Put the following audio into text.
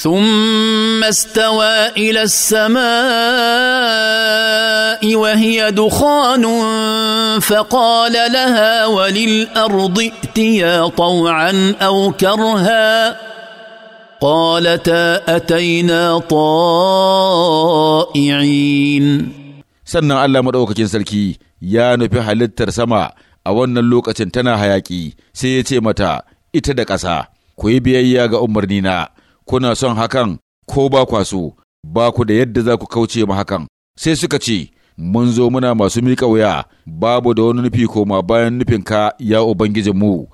ثم استوى الى السماء وهي دخان فقال لها وللارض ائتيا طوعا او كرها قالتا اتينا طائعين سنة ألا مدوكتين سلكي يا نبي حلتر سما أولنا اللوكة تنا هياكي سيتي متى اتدك أسا كوي بيأيا أمرنينا kuna son hakan ko ba kwa so, ba ku da yadda za ku kauce ma hakan. Sai suka ce, Mun zo muna masu miƙa wuya, babu da wani nufi koma bayan nufinka, ya Ubangijinmu.